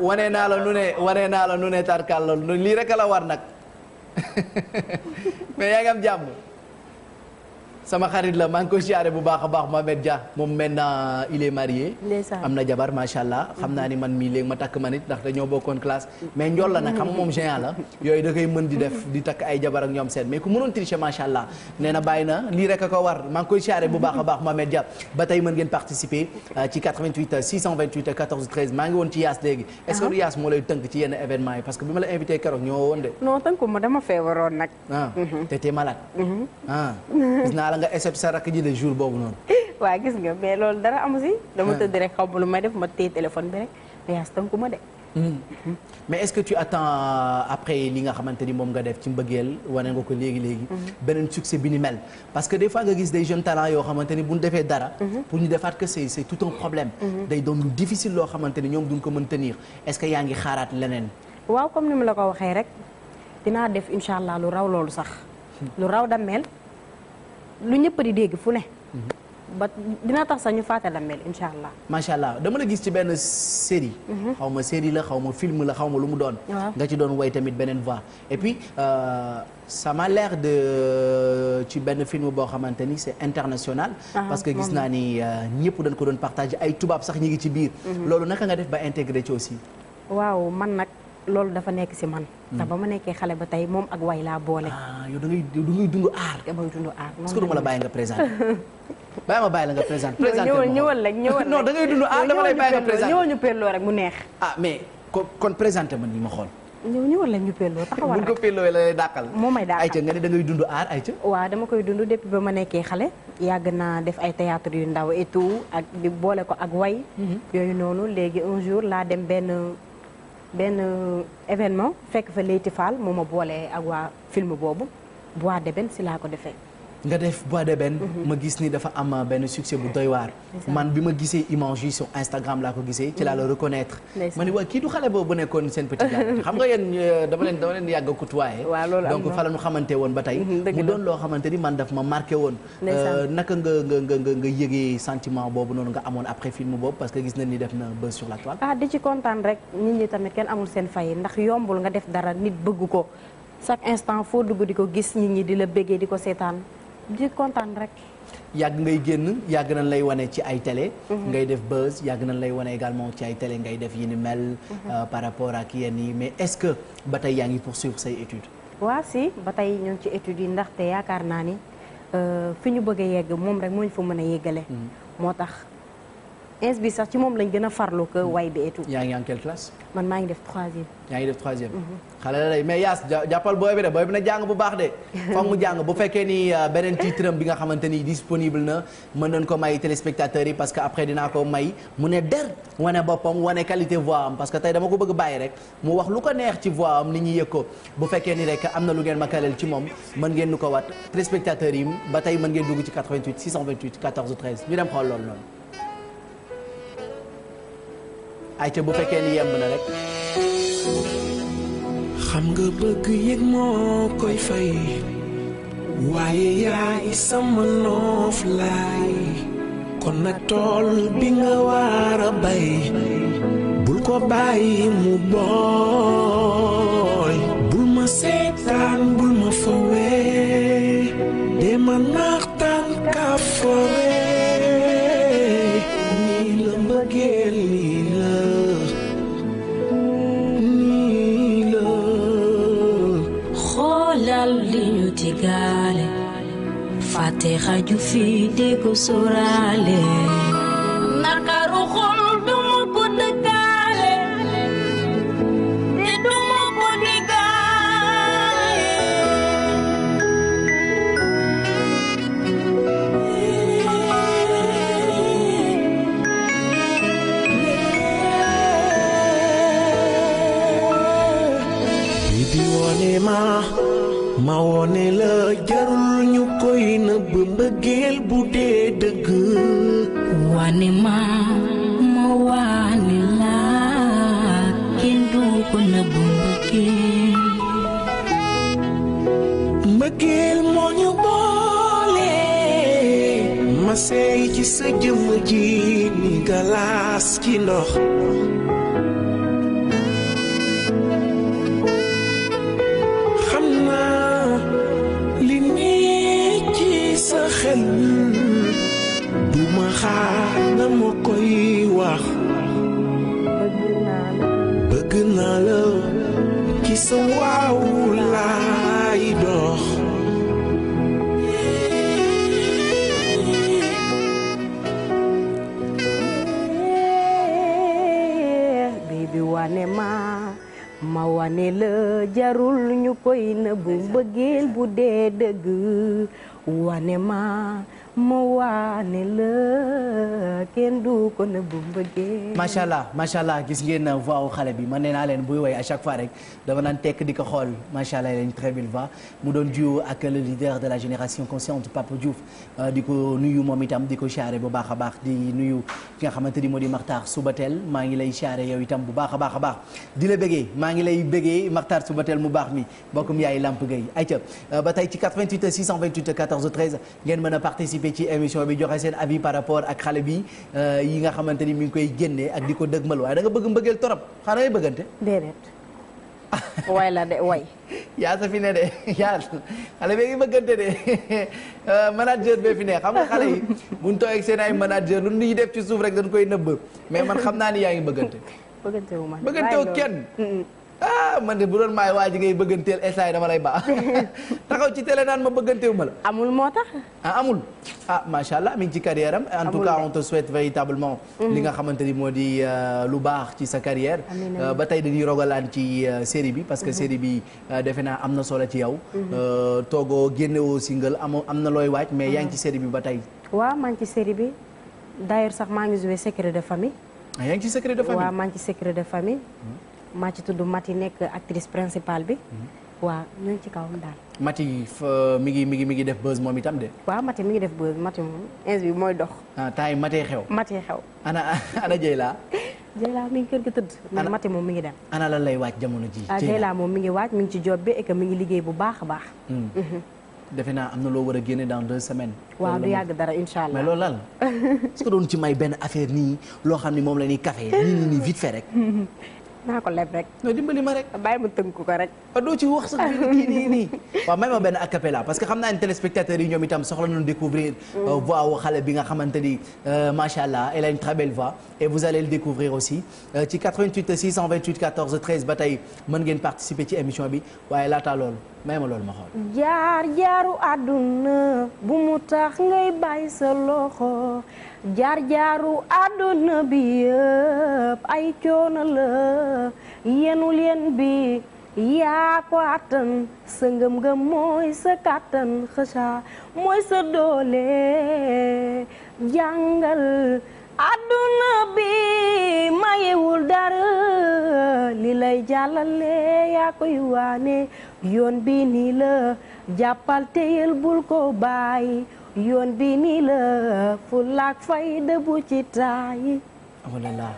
wane naa la nu ne wane naa la nu ne tarkal loolu lii rek la war nag mais yaa ngi jàmm. sama xarit la maa ngi koy siyaare bu baax a baax Mohamed Dia moom maintenant il est am na jabar macha allah. xam naa ni man mii léegi ma takk man it ndax dañoo bokkoon classe. mais njool la nag xam moom géant yooyu da mën di def di takk ay jabar ñoom seen na bàyyi na lii rek a ko war maa ngi koy siyaare bu baax a baax ba tey mën ngeen participer euh, ci 88 628 14 13 maa ngi woon ci Yaas léegi. Ah. est-ce Yaas moo lay tënk ci yenn événement yi parce que bi ma la invité keroog ñoo woon de. non tënku ma dama feebaroon nag. ah mhm. te tey mhm. ah. la nga échec sa rakk ji de jour boobu noonu. waa gis nga mais loolu dara amu si. dama ah. tëdd rek xaw ma lu may def ma téye téléphone bi rek mais yaa tënku ma de. Hmm. mais est-ce que tu attends euh, après li nga xamante ni moom nga def ci mbëggeel wane nga ko léegi léegi. Hmm. beneen succès bi ni mel. parce que des fois nga gis des jeunes talents yoo xamante ni bu ñu defee dara. Hmm. pour ñu defaat que c'est c'est tout un problème. day doon lu difficile loo xamante ni ñoom duñ ko mën tenir est-ce que yaa ngi xaaraat leneen. waaw comme ni mu la ko waxee rek dinaa def incha allah lu raw loolu sax. lu raw dammel lu ñëpp di dégg fu ne. ba dina tax sax ñu fàtte Lamel incha allah. macha allah dama la gis ci benn série. Mhm. xaw ma série la xaw ma film la xaw ma lu mu doon. nga ci doon woy tamit beneen voix et puis euh, ça m'a l'air de euh, ci benn film boo xamante ni c'est international. Ah, parce que gis naa ni euh, ñëpp dañ ko doon partager ay tubaab sax ñu ngi ci biir. Mhm. loolu naka nga def ba intégré ci aussi. waaw man nag. loolu dafa nekk si man. Hmm. ndax ba ma nekkee xale ba tey moom ak way laa boole. ah yow da ngay da ngay dund aar. damay dund aar noonu la est ma la la nga présenté. présenté ma ñëwal rek ñëwal rek non da ngay dund aar dama lay bàyyi nga mu neex. ah mais kon kon présenté ma ma xool. ñëw la ñu pelloo taxawal rek bu moo may dàqal ayca nga ne da ngay dund dama koy dund depuis ba ma nekkee xale. yàgg naa def ay théâtre yu ndaw et ak di boole ko ak way. Mhm. yooyu noonu léegi un laa dem benn benn événement fekk fa Leyti Fall moom ma boolee ak waa film boobu Bois d'Ébène si laa ko defee. nga def bois de benn mhm. ma gis ni dafa am euh, benn succès bu doy man bi ma gisee image yi Instagram laa ko gisee ci laa mhm. la reconnaître ma ni waa kii du xale boobu nekkoon seen petit xam nga yéen euh, dama leen dama leen yàgg a kutuwaaye donc fa la ñu xamante woon ba tey mhm, mu doon loo xamante ni man daf ma marqué woon euh, naka nga nga nga nga nga yëgee sentiment boobu noonu nga amoon après film boobu parce que gis nañ ni def na buzz sur la ah di ci kontaan rek nit ñi tamit kenn amul seen fay ndax yombul nga def dara nit bëgg ko chaque instant foo dugg di ko gis nit ñi di la bëggee di ko seetaan di kontaan rek. yàgg ngay génn yàgg nañ lay wane ci ay télé. Mhm. ngay def buzz yàgg nañ lay wane également ci ay télé ngay def yi ni mel. Mhm. Euh, par rapport ak yenn yi mais est-ce que ba tey yaa ngi pour poursuivre say études. waa si ba tey ñoo ngi ci études yi ndaxte yaakaar naa ni euh, fi ñu bëgg a yegg moom rek moo ñu fa mën a yeggale. Mhm. moo tax ins bi moom lañ gën a farlu que way bi et tout. yaa ngi en quelle man maa ngi def troisième. yaa ngi def troisième. Mhm. xale la lay mais Yaas jàppal booy bi de booy bi na jàng bu baax de. foog mu jàng bu fekkee ni euh, beneen titre am bi nga xamante ni disponible na mën nañ ko may téléspectateurs yi parce que après dinaa ko may mu ne der wane boppam wane qualité voix am parce que tey dama ko bëgg bàyyi rek mu wax lu ko neex ci voix ni ñuy yëg ko bu fekkee ni rek am na lu ngeen ma kaleel moom mën ngeen nu ko wat téléspectateurs yi ayca bu fekkee ni yemb na rek. xam nga bëgg yëg moo koy fay waaye yaay sama noof laay kon nag tool bi nga war a bay bul ko bàyyi mu booy bul ma seetaan bul ma fowee dema naxtaan ka fore si di ko sóoraale ma wane la jarul ñu koy nëbbu mbëggeel bu dee dëgg wane ma ma waane la kenn du ko na bu mbëggee. macha allah macha allah gis ngeen voix xale bi man nee naa leen buy woy à chaque fois rek dama naan tekk di ko xool macha allah leen très belle voix mu doon duo ak le leader de la génération consciente Papa Diouf euh, di ko nuyu moom itam di ko charré bu baax a baax di nuyu ki nga xamante ni moo di Makhtar teel maa ngi lay charré yow itam bu baax a baax a baax di la bëggee maa ngi lay bëggee Makhtar Soubatel mu baax mi bokkum yaay participer ci émission bi joxe seen avis par rapport ak xale bi euh, yi nga xamante ni mi ngi koy génnee ak di ko dëgmal waaye da nga bëgg mbëggeel torop xanaa ngay bëggante. déedéet. way la de way. yaa sa fi ne de yaa xale bee ngi bëggante de euh, manager bee fi ne xam nga xale yi buñ toogee seen ay manager lu ñuy def ci suuf rek dañ koy nëbb mais man xam naa ni yaa ngi bëggante. bëggante wu ma bëggante wu kenn. ah man de bu doon maay waa ji ngay bëgganteel instant yi dama lay baax taxaw ci télé naan ma bëgganteewu ma la. amul moo tax. ah amul ah macha allah mi ngi ci carrière am. en tout cas on véritablement. Mm-hmm. li nga xamante ni moo di euh, lu baax ci sa carrière. Euh, ba tey dañuy rogalaan ci euh, série bi parce que mm-hmm. série bi defe naa am na solo ci yow. Mm-hmm. toogoo génnewoo single amoo am na looy waaj mais yaa ngi ci série bi ba tey. waaw maa ngi ci série bi d'ailleurs sax maa ngi joué secret de famille. ah yaa de famille maa ci tudd Mati nekk actrice principale bi. Mhm. waaw ñu ngi ci kawam daal. Mati fa euh, mi ngi mi ngi mi ngi def buzz moom itam de. waa Mati mi ngi def buzz Mati moom mooy dox. ah temps yi Mati xew. Mati xew. ana ana Dieyla. mi ngi kër gi tëdd. ana moom mi ngi dem. ana la lay waaj jamono ji ah Dieyla moom mi ngi waaj mi ngi ci job bi et que mi ngi liggéey bu baax a baax. Hmm. Mhm. defe naa am na loo war a génne dans deux semaines. waa du yàgg dara incha allah mais loolu lan est que doon ci may benn affaire nii loo xam ni moom la ñuy café nii nii nii vite fait rek. Hmm. naa dimbali ma rek. bàyyi ma tënku ko rek. Ah, doo wax sax kii nii nii. waaw may ma benn acapella parce que xam naa ne téléspectateurs yi ñoom soxla nañu découvrir mm. euh, voix wu xale bi nga xamante ni euh, macha allah elle a une très belle voix vous allez le découvrir aussi euh, ci 88 628 14 participer ci émission bi waaye laata loolu may ma loolu ma xool. jaar jaaru àdduna bu mu tax ngay bàyyi sa loxo. jaar-jaaru àdduna bi ay coono la yenul yen bi yaa ko àttan sa ngëm-ngëm mooy sa kàttan xësa mooy sa doole jàngal àdduna bi mayewul dara li lay jàllale yaa koy waane yoon bi nii la jàppal teyel bul ko baay yoon bi mi la fulaak fayda bu ci taayi. oh là là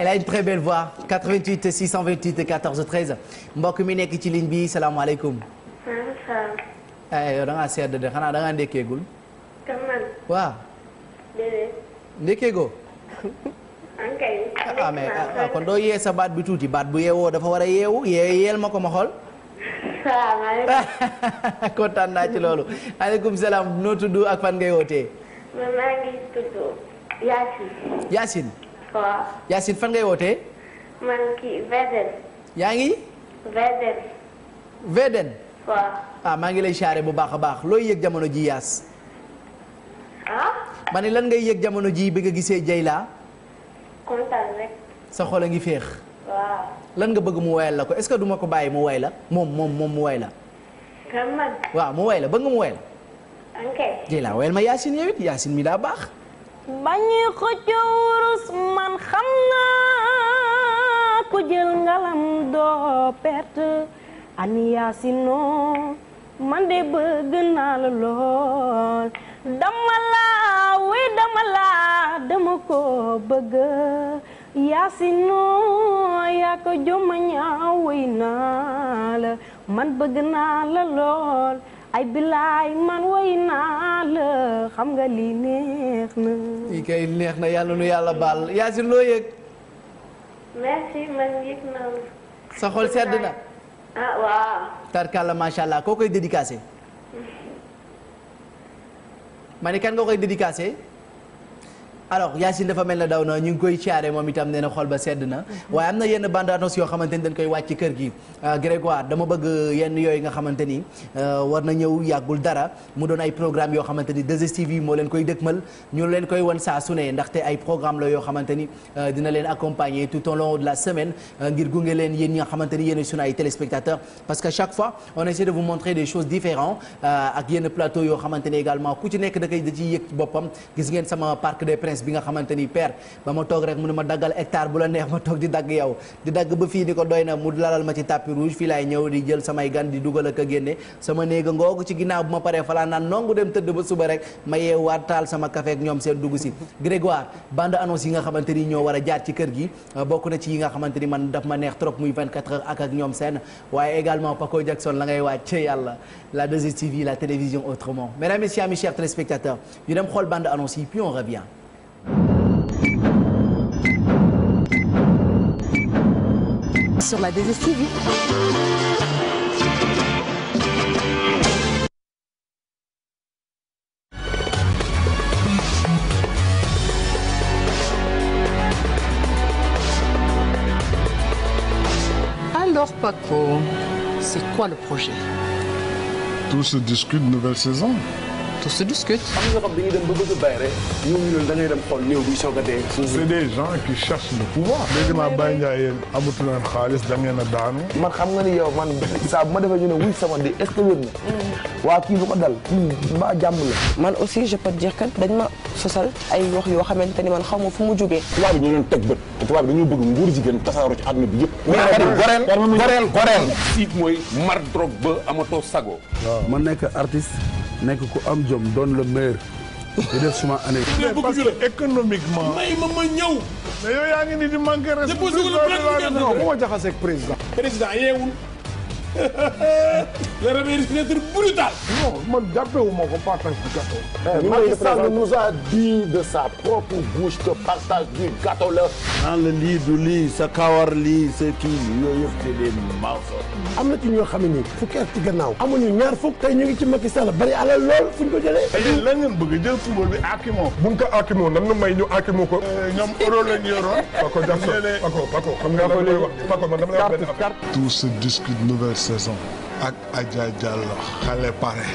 elle a une très belle voix 88 628 14 13 mbokk mi nekk ci ligne bi salaamaaleykum. maaleykum salaam. ay eh, yow da sedd de xanaa da ngaa ndekkeegul. kan man. waaw. déedéet. Ah, ah, ah, kon doo yee sa baat bi tuuti baat bu yeewoo dafa war a yeewu yee yeel ma ko ma xool. salaamaaleykum. kontaan naa ci loolu. maaleykum salaam noo tudd ak fan ngay wootee. man maa tudd Yacine. Yacine. fan ngay wootee. man kii Véden. yaa ngi. Véden. Véden. waaw. Ah, maa ngi lay siyaare bu baax a baax looy yëg jamono ji Yaas. ah. ma lan ngay yëg jamono ji bi nga gisee Dieyla. kontaan rek. sa xol a ngi féex. lan nga bëgg mu woyal la ko est-ce ko bàyyi mu woy la moom moom moom mu woy waaw mu woy bëgg mu woy la. ok. ma Yacine yow it Yacine daa baax. bañuy xëccoo wurus man xam naa ku jël ngalam doo perte ani Yacine man de bëgg naa la dama la oui dama la dama ko bëgg. yaa si noo yaa ko joma ñaawuy naa la man bëgg naa la lool ay bilaay man woy naa la xam nga lii neex na. lii kay neex na yàlla nu yàlla baal yaa loo yëg. sa xol sedd na. ah waaw. tarkalla koo koy dédicacé. ma ne kan nga koy dédicacé. alors Yacine dafa mel na daw na ñu ngi koy caare moom itam nee xol ba sedd na mhm. waaye am na yenn bande yoo xamante ni koy wàcc kër gi euh, Grégoire dama bëgg yenn yooyu nga xamante ni euh, war na ñëw yàggul dara mu doon ay programme yoo xamante ni 2 moo leen koy dëkkmal ñu leen koy wan saa su ne ndaxte ay programme la yoo xamante ni euh, leen accompagner tout au long de la semaine ngir gunge leen yéen ñi nga parce que chaque fois on essaie de vous montrer des choses différentes ak yenn plateau yoo xamante également ku ci nekk da koy da yëg boppam gis ngeen sama parc des princes jeunesse bi nga xamante ni père ba ma toog rek mu ne ma daggal hectare bu la neex ma toog di dagg yow di dagg ba fii ni ko doy na mu lalal ma ci tapis rouge fii laay ñëw di jël samay gan di dugal ak a génne sama néega ngoo ci ginnaaw bu ma paree falaa naan nongu dem tëdd ba suba rek ma yeewaat taal sama café ak ñoom seen dugg si Grégoire bande annonce yi nga xamante ni ñoo war a jaar ci kër gi euh, bokk na ci yi nga xamante man daf ma neex trop muy 24 heures ak ak ñoom seen waaye également Paco Jackson la ngay wàcce yàlla la 2STV Sur la DSTV. Alors Paco, c'est quoi le projet Tout se discute de nouvelle saison. tout se discute. xam nga xam dañuy dem ba bëgg a bay rek ñooñu loolu da ngay dem xool néew bi soog a dee. c'est des gens qui cherchent le pouvoir. dégg naa Baye Ndiaye yéen amatu leen xaalis da ngeen a daanu. man xam nga ni yow man saa bu ma defee ñu ne wuy sama di est ce que wér na. waa kii bu ko dal. Hmm, mbaa jàmm la. man aussi je peux dire que dañ ma sosal ay wax yoo xamante ni man xaw ma fu mu jógee. tubaab yi ñu doon teg bët te tubaab yi dañoo bëgg nguur jigéen tasaaroo ci àdduna bi yëpp. goreel goreel goreel. siit mooy mar drogue ba amatoo sago. waaw man nekk artiste nekk ku am jom doon le maire. di def suma année. parce que économiquement. may ma ma ñëw. mais yow yaa ngi ni di manqué respect. déposé wu la président non bu ma jaxaseeg président. président le réveil c'est brutal. non man jàppewu ma ko partage du gâteau. Eh, eh, Macky Sall nous a dit de sa propre bouche que partage du gâteau la. naan la lii du lii sa kawar lii sa kii yooyu yëpp c'est des mensonges. am na ci ñoo xam ne nii fukki at ci gannaaw. amuñu ñaar fukk tey ñu ngi ci Macky Sall bari alal lool fuñ ko jëlee. tey lan ngeen bëgg jël football bi akimoo. buñ ko akimoo nan la may ñu akimoo ko. Eh, ñoom euro lañ yoroon. Paco Jackson Paco Paco xam nga lan mooy wax Paco man dama lay wax benn affaire. tout se saison ak Adja Diallo xale pare.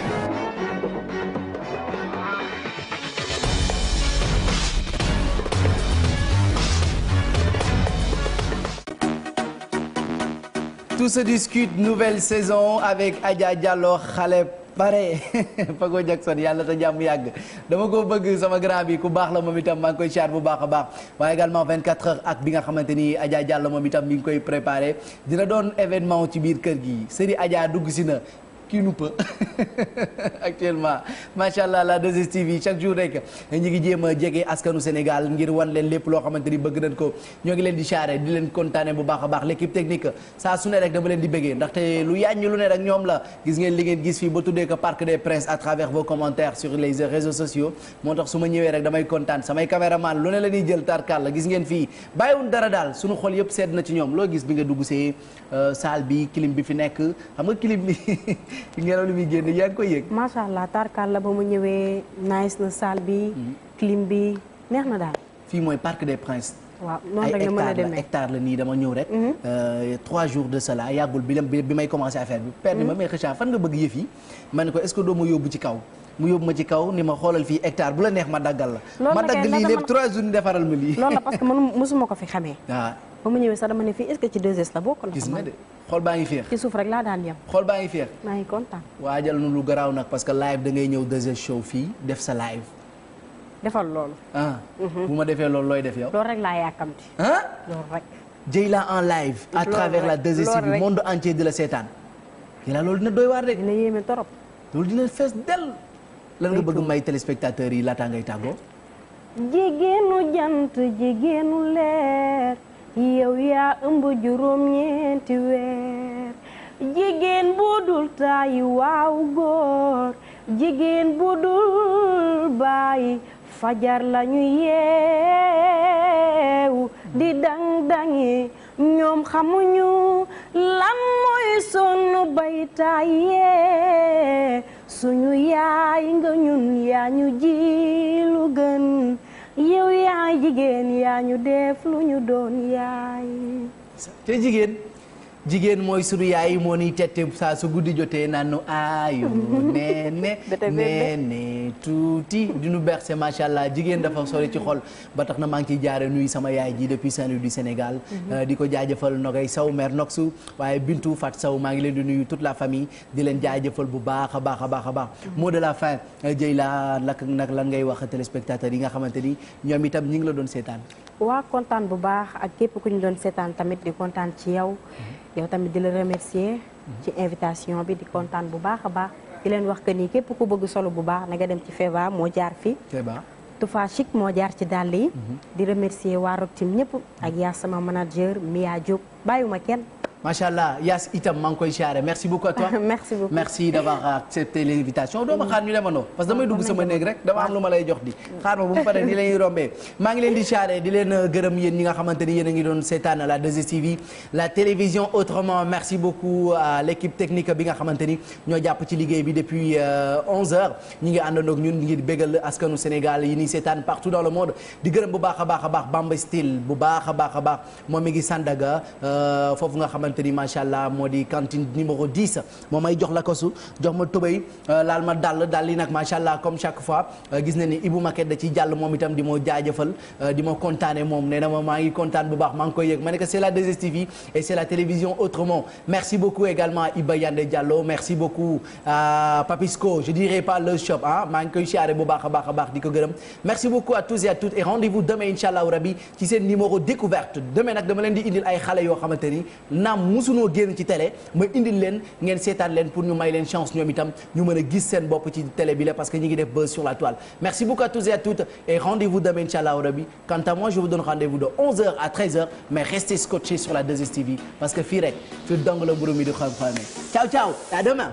Tout se discute, nouvelle saison avec Adja Diallo xale. pare Pago Jackson yàlla ta jàmm yàgg dama koo bëgg sama grand bi ku baax la moom itam maa ngi koy char bu baax a baax waaye également 24 heures ak bi nga xamante ni Adja Diallo moom itam mi ngi koy préparé dina doon événement ci biir kër gi série Adja dugg si na qui nous peut actuellement macha allah la 2STV yi chaque jour rek ñu ngi jéem a jege askanu Sénégal ngir wan leen lépp loo xamante ni bëgg nañ ko ñoo ngi leen di charré di leen kontaane bu baax a baax l'équipe technique saa su ne rek dama leen di bëggee ndaxte lu yàññi lu ne rek ñoom la gis ngeen li ngeen gis fii ba tuddee ko Parc des Princes à travers vos commentaires sur les réseaux sociaux moo tax su ma ñëwee rek damay kontaan samay caméraman lu ne la jël tarkal gis ngeen fii bàyyiwun dara daal suñu xol yëpp sedd na ci ñoom loo gis bi nga dugg see euh, salle bi clim bi fi nekk xam nga bi ngelaw li muy génn yaa ngi koy yëg. macha allah la ba mu ñëwee nice na salle bi. Mhm. clim bi neex na daal. fii mooy Parc des Princes. waaw noonu rek nga mën a demee ay la nii dama ñëw rek. Mhm. Euh, trois jours de cela yàggul bi bi may commencé affaire bi. perdi ma mhm. mais Richard fan nga bëgg yëf yi ma ne ko est-ce que doo ma yóbbu ci kaw. mu yóbbu ma ci kaw ni ma xoolal fii hectare bu la neex ma daggal la. ma dagg lii lépp trois jours defaral ma lii. loolu ba mu ñëwee sax dama ne fii est-ce que ci 2S la bokk na. gis nga de xool baa ngi féex. ci rek laa daan yem. xool baa ngi féex. maa ngi kontaan. waajal nu lu garaaw nag parce que live da ñëw 2S show fii def sa live. defal loolu. Ah. Mhm. bu ma defee loolu looy def yow. loolu rek laa yàkkamti. ah loolu rek. Dieyla en live. à travers la 2S bi monde entier di la seetaan. Dieyla loolu dina doy waar de. dina yéeme torop. loolu dina fees del lan nga bëgg may téléspectateurs yi laataa ngay tàggoo. yow yaa ëmb juróom-ñeenti weer jigéen bu dul taayi waaw góor jigéen bu dul bàyyi fajar lañu yeewu di dang-dangi ñoom xamuñu lan mooy sonn bay taayee suñu yaay nga ñun yaa ñu ji lu gën yow yaay jigéen yaa ñu def lu ñu doon yaay te jigéen jigéen mooy sunu yaay moo ni tette saa su guddi jotee naan nu ayo nene nene tuuti di nu se macha allah jigéen dafa sori ci xol ba tax na maa ngi ciy jaare nuyu sama yaay ji depuis Saint-Louis du Sénégal mhm. euh, di ko jaajëfal nogay saw meer mère su waaye Bintu Fat Saw maa ngi leen di nuyu tout la famille di leen jaajëfal bu baax a baax a baax a baax mhm. mot de la fin euh, jëy laa lak nag lan ngay wax téléspectateurs yi nga xamante ni ñoom itam ñu ngi la doon seetaan waa tamit kontaan ci yow mhm. yow tamit di la remercier. ci invitation bi di kontaan bu baax a baax. di leen wax que ni képp ku bëgg solo bu baax na nga dem ci Feva moo jaar fi Toufa Chic moo jaar ci dàll yi. Mhm. di remercier waa Rock Team ñëpp. ak yaa sama manager Mia Diop bàyyiwuma kenn. macha allah Yaas itam maa koy siyaare merci beaucoup à merci beaucoup merci l'invitation. doo xaar ñu demandoo. parce que damay dugg ah, sama néeg rek dama am lu ma lay jox di. xaar ma bu mu paree di leen rombee maa ngi leen di siyaare di leen euh, gërëm yéen ñi nga xamante ni a ngi doon seetaan la 2STV la télévision autrement merci beaucoup euh, à l'équipe technique bi nga xamante ñoo jàpp ci liggéey bi depuis 11 euh, ñu ngi àndandoo ak ñun a baax a baax a baax ngi Sandaga foofu nga xamante ni macha allah moo di cantine numéro 10 moo may jox la kosu jox ma tubéy euh, laal ma dàll dàll yi nag macha allah comme chaque fois euh, gis na ni Ibou Maket da ci jàll moom itam di moo jaajëfal euh, di ma kontaane moom nee na ma maa ngi kontaan bu baax maa ngi koy yëg ma ne c'est la 2STV et c'est la télévision autrement merci beaucoup également Iba Yande merci beaucoup Papisco je dirais pas le shop maa ngi koy siyaare bu baax a baax a baax di ko mosunoo génn ci télé ma indil ngeen seetaan leen pour ñu may leen chance ñoom itam ñu mën gis seen bopp ci télé bi parce que ñu ngi def sur la toile merci beaucoup à tous et à toutes et rendez demain inchallah rabbi quant moi je vous donne rendez de 11 à 13 mais restez scotchés sur la 2STV parce que fii rek fi la mburu mi di xam-xamee ciao ciao à demain